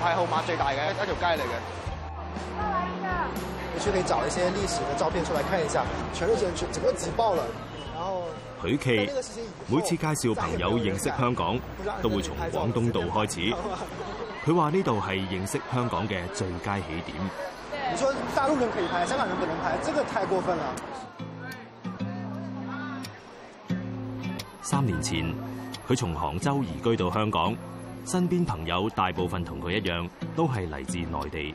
排號碼最大嘅，一條街嚟嘅。你去可以找一些歷史的照片出來看一下，全都是全整個擠爆了。許琪每次介紹朋友認識香港，都會從廣東道開始。佢話呢度係認識香港嘅最佳起點。你說大陸人可以拍，香港人不能拍，這個太過分了。三年前，佢從杭州移居到香港。身邊朋友大部分同佢一樣，都係嚟自內地。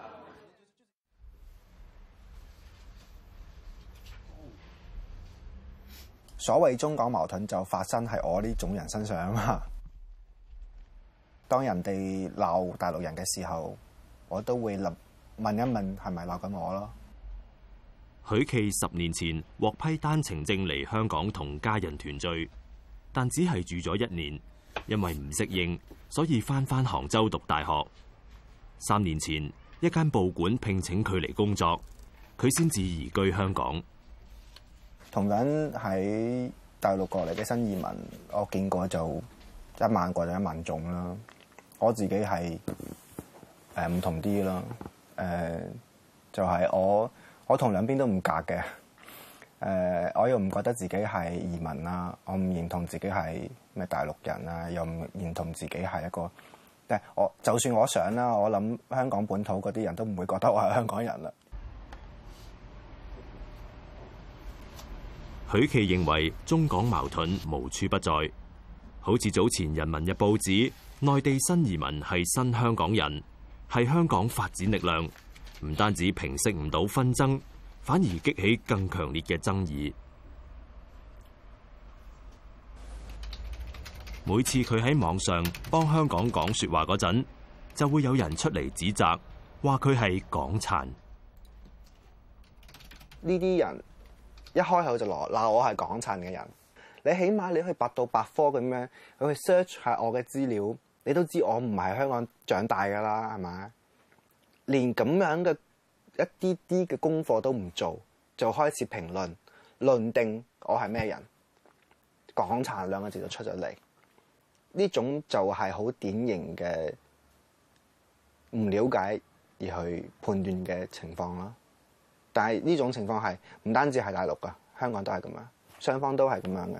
所謂中港矛盾就發生喺我呢種人身上啊！當人哋鬧大陸人嘅時候，我都會問一問係咪鬧緊我咯。許琦十年前獲批單程證嚟香港同家人團聚，但只係住咗一年，因為唔適應，所以翻返杭州讀大學。三年前，一間報館聘請佢嚟工作，佢先至移居香港。同樣喺大陸過嚟嘅新移民，我見過就一萬個就一萬種啦。我自己係唔、呃、同啲囉、呃，就係、是、我我同兩邊都唔夾嘅，我又唔覺得自己係移民啦，我唔認同自己係咩大陸人啊，又唔認同自己係一個，但係我就算我想啦，我諗香港本土嗰啲人都唔會覺得我係香港人啦。許其認為中港矛盾無處不在，好似早前《人民日報》指，內地新移民係新香港人，係香港發展力量，唔單止平息唔到紛爭，反而激起更強烈嘅爭議。每次佢喺網上幫香港講說話嗰陣，就會有人出嚟指責，話佢係港殘。呢啲人一開口就鬧鬧我係港產嘅人，你起碼你去百度百科咁樣去 search 下我嘅資料，你都知道我唔係香港長大噶啦，係咪？連咁樣嘅一啲啲嘅功課都唔做，就開始評論論定我係咩人？港產兩個字就出咗嚟，呢種就係好典型嘅唔了解而去判斷嘅情況啦。但係呢種情況係唔單止係大陸㗎，香港都係咁樣的，雙方都係咁樣嘅。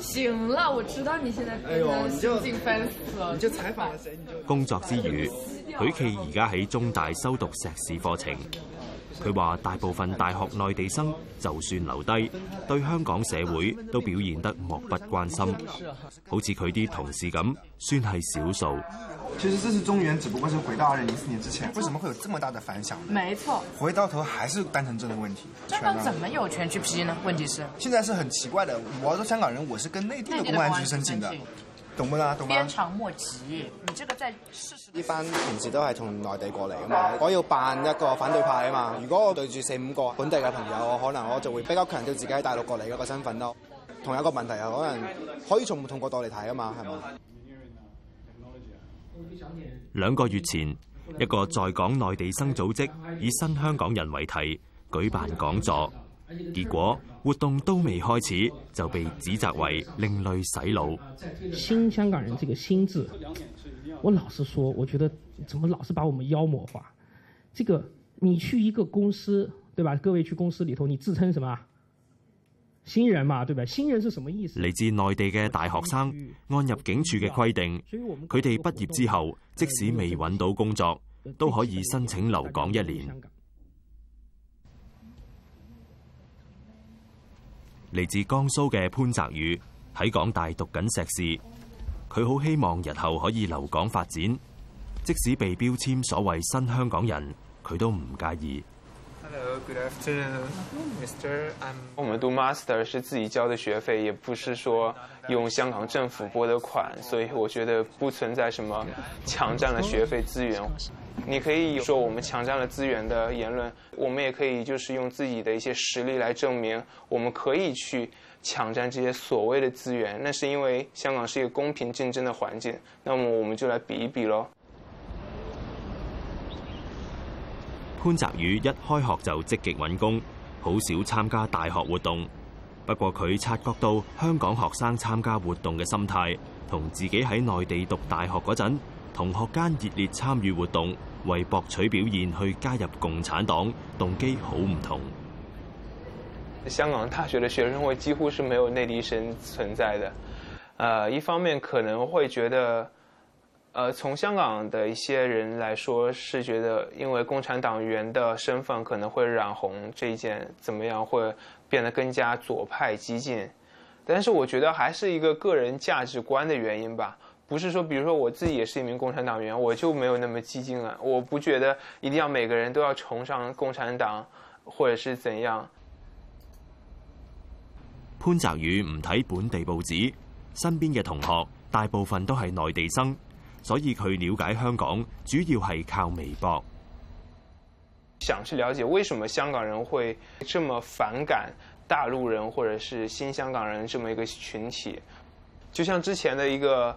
行啦，我知道你現在已經接近翻死了，就採訪。工作之餘，許琪而家喺中大修讀碩士課程。佢話：他說大部分大學內地生就算留低，對香港社會都表現得漠不關心，好似佢啲同事咁，算係少數。其實這次中原，只不過是回到二零零四年之前，為什麼會有這麼大的反響？沒錯錯，回到頭還是單程證嘅問題。香港怎麼有權去批呢？問題是，現在是很奇怪的。我做香港人，我是跟內地的公安局申請的。動乜啦，動乜！鞭長莫及，你這個在試。呢班平時都係從內地過嚟啊嘛，我要扮一個反對派啊嘛。如果我對住四五個本地嘅朋友，可能我就會比較強調自己喺大陸過嚟嗰個身份咯。同一個問題啊，可能可以從唔同角度嚟睇啊嘛，係咪？兩個月前，一個在港內地生組織以新香港人為題舉辦講座。結果活動都未開始，就被指責為另類洗腦。新香港人這個新字，我老是說，我覺得怎麼老是把我們妖魔化？這個你去一個公司，對吧？各位去公司裏頭，你自稱什麼新人嘛？對吧？新人是什麼意思？嚟自內地嘅大學生，按入境處嘅規定，佢哋畢業之後，即使未揾到工作，都可以申請留港一年。嚟自江蘇嘅潘澤宇喺港大讀緊碩士，佢好希望日後可以留港發展，即使被標籤所謂新香港人，佢都唔介意。Hello, good afternoon, Mister, 我們讀 master 是自己交的學費，也不是說用香港政府撥的款，所以我覺得不存在什麼搶占了學費資源。你可以說我們搶佔了資源的言論，我們也可以就是用自己的一些實力來證明，我們可以去搶佔這些所謂的資源。那是因為香港是一個公平競爭的環境，那麼我們就來比一比嘍。潘澤宇一開學就積極揾工，好少參加大學活動。不過佢察覺到香港學生參加活動嘅心態，同自己喺內地讀大學嗰陣。同學間熱烈參與活動，為博取表現去加入共產黨，動機好唔同。香港大學的學生會幾乎是沒有內地生存在的。呃，一方面可能會覺得，呃，從香港的一些人來說是覺得，因為共產黨員的身份可能會染紅，這一件，怎麼樣會變得更加左派激進。但是，我覺得還是一個個人價值觀的原因吧。不是說，比如說我自己也是一名共產黨員，我就沒有那麼激進了。我不覺得一定要每個人都要崇尚共產黨，或者是怎樣。潘澤宇唔睇本地報紙，身邊嘅同學大部分都係內地生，所以佢了解香港主要係靠微博。想去了解為什麼香港人會這麼反感大陸人，或者是新香港人這麼一個群體，就像之前的一個。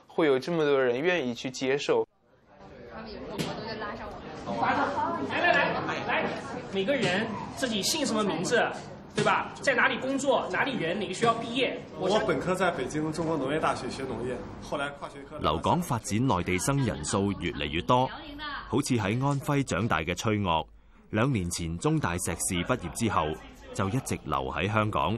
會有這麼多人願意去接受？他們有時候都在拉上我，來來來來，每個人自己姓什麼名字，對吧？在哪裏工作？哪裏人？哪個學校畢業？我，我本科在北京中國農業大學學農業，後來跨學科學。留港發展內地生人數越嚟越多，好似喺安徽長大嘅崔岳，兩年前中大碩士畢業之後，就一直留喺香港。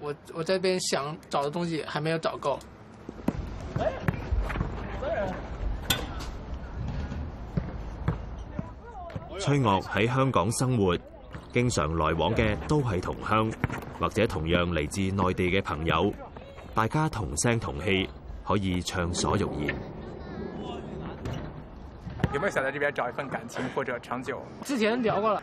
我我這邊想找的東西還沒有找夠。崔岳喺香港生活，經常來往嘅都係同鄉或者同樣嚟自內地嘅朋友，大家同聲同氣，可以暢所欲言。有沒有想在這邊找一份感情或者長久？之前聊過了。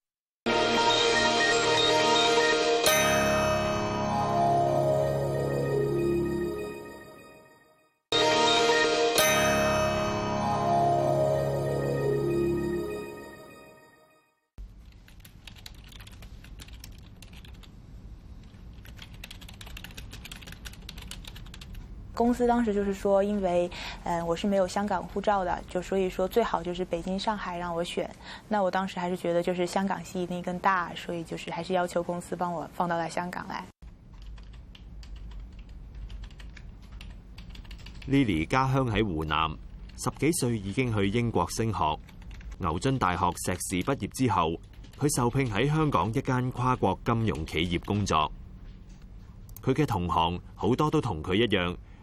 公司當時就是說，因為，嗯，我是沒有香港護照的，就所以說最好就是北京、上海讓我選。那我當時還是覺得就是香港吸引力更大，所以就是還是要求公司幫我放到來香港來。Lily 家鄉喺湖南，十幾歲已經去英國升學，牛津大學碩士畢業之後，佢受聘喺香港一間跨國金融企業工作。佢嘅同行好多都同佢一樣。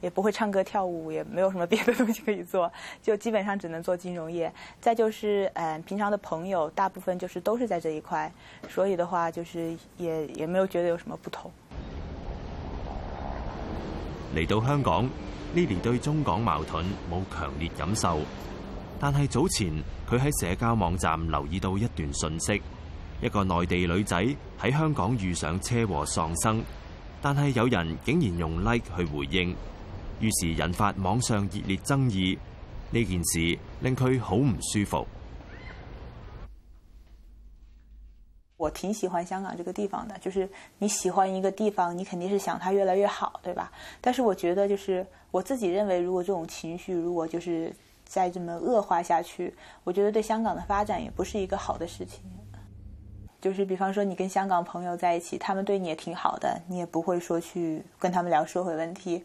也不會唱歌跳舞，也沒有什麼別的東西可以做，就基本上只能做金融業。再就是，嗯，平常的朋友大部分就是都是在這一塊，所以的話，就是也也沒有覺得有什麼不同。嚟到香港，Lily 對中港矛盾冇強烈感受，但係早前佢喺社交網站留意到一段訊息，一個內地女仔喺香港遇上車禍喪生，但係有人竟然用 like 去回應。於是引發網上熱烈爭議，呢件事令佢好唔舒服。我挺喜歡香港這個地方的，就是你喜歡一個地方，你肯定是想它越來越好，對吧？但是我覺得，就是我自己認為，如果這種情緒如果就是再這麼惡化下去，我覺得對香港的發展也不是一個好的事情。就是比方說，你跟香港朋友在一起，他們對你也挺好的，你也不會說去跟他們聊社會問題。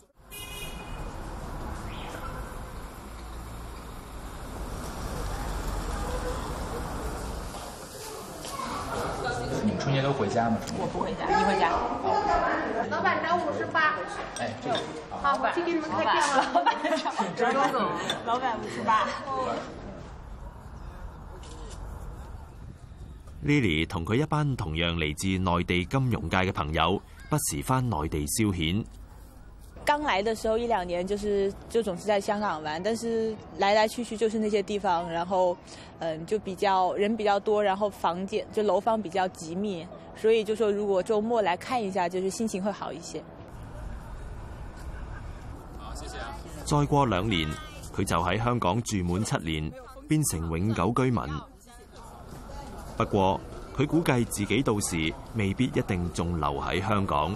我不會加，你會加。哦、老闆加五十八。哎這個哦、好，好老闆。五十八。哈哈哦、Lily 同佢一班同樣嚟自內地金融界嘅朋友，不時返內地消遣。剛來的時候一兩年，就是就總是在香港玩，但是來來去去就是那些地方，然後嗯就比較人比較多，然後房間就樓房比較緊密，所以就說如果周末來看一下，就是心情會好一些。再過兩年，佢就喺香港住滿七年，變成永久居民。不過佢估計自己到時未必一定仲留喺香港。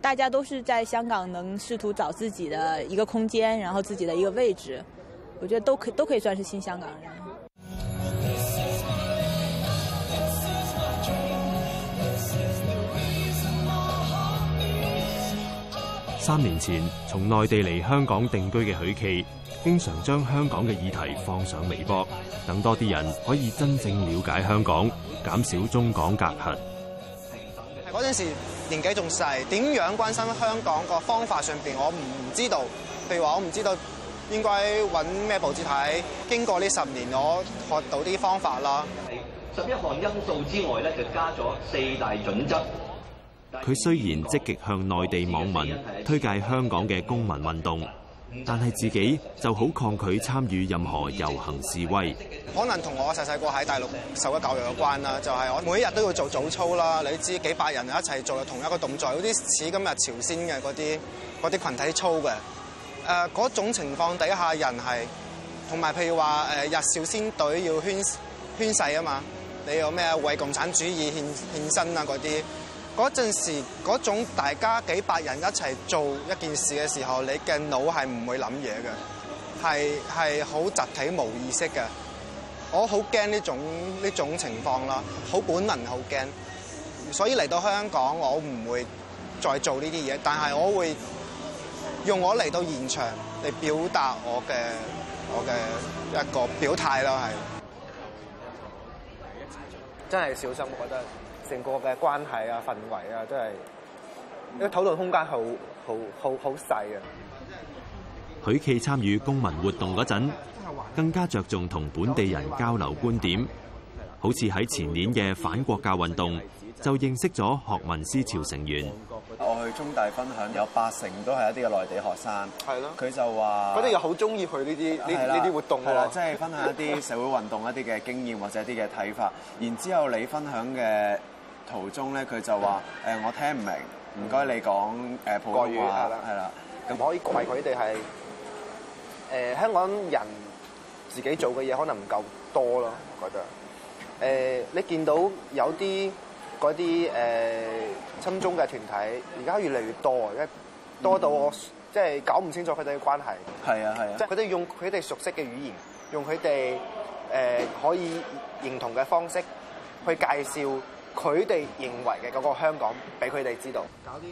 大家都是在香港能試圖找自己的一個空間，然後自己的一個位置，我覺得都可以都可以算是新香港人。三年前從內地嚟香港定居嘅許琪，經常將香港嘅議題放上微博，等多啲人可以真正了解香港，減少中港隔閡。嗰陣時。年紀仲細，點樣關心香港個方法上邊我唔知道。譬如話，我唔知道應該揾咩報紙睇。經過呢十年，我學到啲方法啦。十一項因素之外咧，就加咗四大準則。佢雖然積極向內地網民推介香港嘅公民運動。但係自己就好抗拒參與任何遊行示威，可能同我細細個喺大陸受嘅教育有關啦。就係、是、我每一日都要做早操啦，你知幾百人一齊做同一個動作，嗰啲似今日朝鮮嘅嗰啲嗰啲羣體操嘅。誒、呃、嗰種情況底下人是，人係，同埋譬如話誒入少先隊要宣宣誓啊嘛，你有咩為共產主義獻獻身啊嗰啲。嗰陣時，嗰種大家幾百人一齊做一件事嘅時候，你嘅腦係唔會諗嘢嘅，係係好集體無意識嘅。我好驚呢種呢種情況啦，好本能，好驚。所以嚟到香港，我唔會再做呢啲嘢，但係我會用我嚟到現場嚟表達我嘅我嘅一個表態咯，係。真係小心，我覺得。成個嘅關係啊、氛圍啊，都係因為討論空間好好好好細啊。許記參與公民活動嗰陣，更加着重同本地人交流觀點。好似喺前年嘅反國教運動，就認識咗學民思潮成員。我去中大分享，有八成都係一啲嘅內地學生。係咯的。佢就話：佢哋又好中意去呢啲呢呢啲活動即係、就是、分享一啲社會運動一啲嘅經驗，或者一啲嘅睇法。然之後你分享嘅。途中咧，佢就話：誒是的、欸，我聽唔明，唔該你講誒、嗯、普通話係啦。咁可以怪佢哋係誒香港人自己做嘅嘢可能唔夠多咯，我覺得誒你見到有啲嗰啲誒親中嘅團體，而家越嚟越多，一多到我即係、嗯、搞唔清楚佢哋嘅關係。係啊係啊，即係佢哋用佢哋熟悉嘅語言，用佢哋誒可以認同嘅方式去介紹。佢哋認為嘅嗰個香港，俾佢哋知道。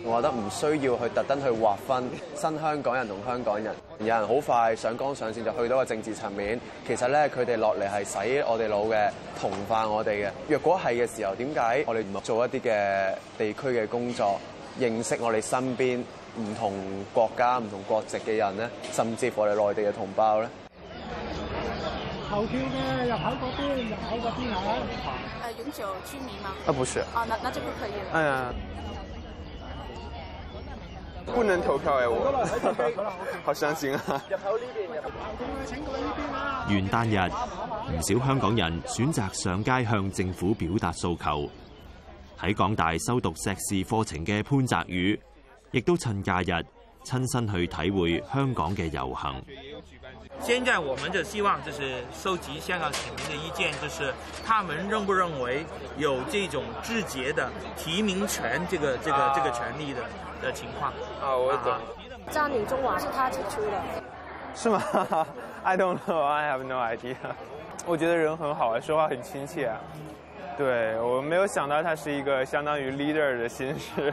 我覺得唔需要去特登去劃分新香港人同香港人。有人好快上綱上線就去到個政治層面，其實咧佢哋落嚟係洗我哋腦嘅，同化我哋嘅。若果係嘅時候，點解我哋唔做一啲嘅地區嘅工作，認識我哋身邊唔同國家、唔同國籍嘅人咧，甚至乎我哋內地嘅同胞咧？投、啊、永久居民嗎？啊，不是、啊。哦、啊，那那就不可以了。哎呀不能投票係、啊、我，學上錢啊！元旦、啊、日，唔少香港人選擇上街向政府表達訴求。喺、嗯嗯嗯、港大修讀碩士課程嘅潘澤宇，亦都趁假日。親身去體會香港嘅遊行。現在我們就希望就是收集香港市民嘅意見，就是他們認不認為有這種直接的提名權，這個、這個、這個權利的嘅情況。啊，我懂、啊。佔領中環是他提出的。是嗎？I don't know. I have no idea. 我覺得人很好，說話很親切。對，我沒有想到他是一個相當於 leader 的形式。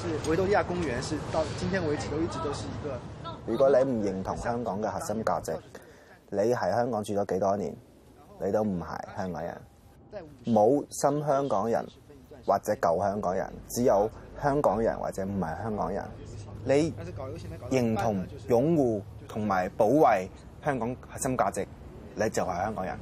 是維多利亞公園，是到今天為止都一直都是一個。如果你唔認同香港嘅核心價值，你喺香港住咗幾多年，你都唔係香港人。冇新香港人或者舊香港人，只有香港人或者唔係香港人。你認同、擁護同埋保衛香港核心價值，你就係香港人。